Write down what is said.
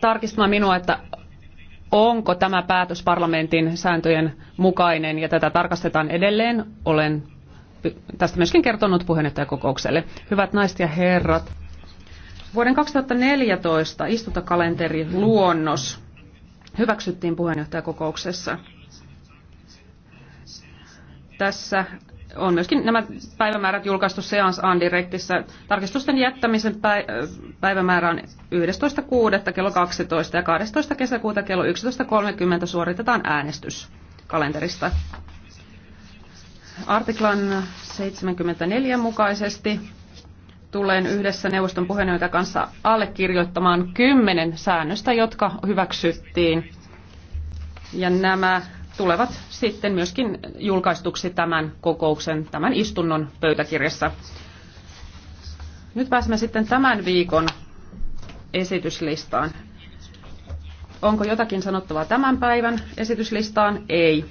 tarkistamaan minua, että onko tämä päätös parlamentin sääntöjen mukainen ja tätä tarkastetaan edelleen. Olen tästä myöskin kertonut puheenjohtajakokoukselle. Hyvät naiset ja herrat, vuoden 2014 istuntokalenteri luonnos hyväksyttiin puheenjohtajakokouksessa. Tässä on myöskin nämä päivämäärät julkaistu Seans direktissä. Tarkistusten jättämisen päivämäärä on 11.6. kello 12 ja 12. kesäkuuta kello 11.30 suoritetaan äänestys kalenterista. Artiklan 74 mukaisesti tulen yhdessä neuvoston puheenjohtajan kanssa allekirjoittamaan kymmenen säännöstä, jotka hyväksyttiin. Ja nämä tulevat sitten myöskin julkaistuksi tämän kokouksen, tämän istunnon pöytäkirjassa. Nyt pääsemme sitten tämän viikon esityslistaan. Onko jotakin sanottavaa tämän päivän esityslistaan? Ei.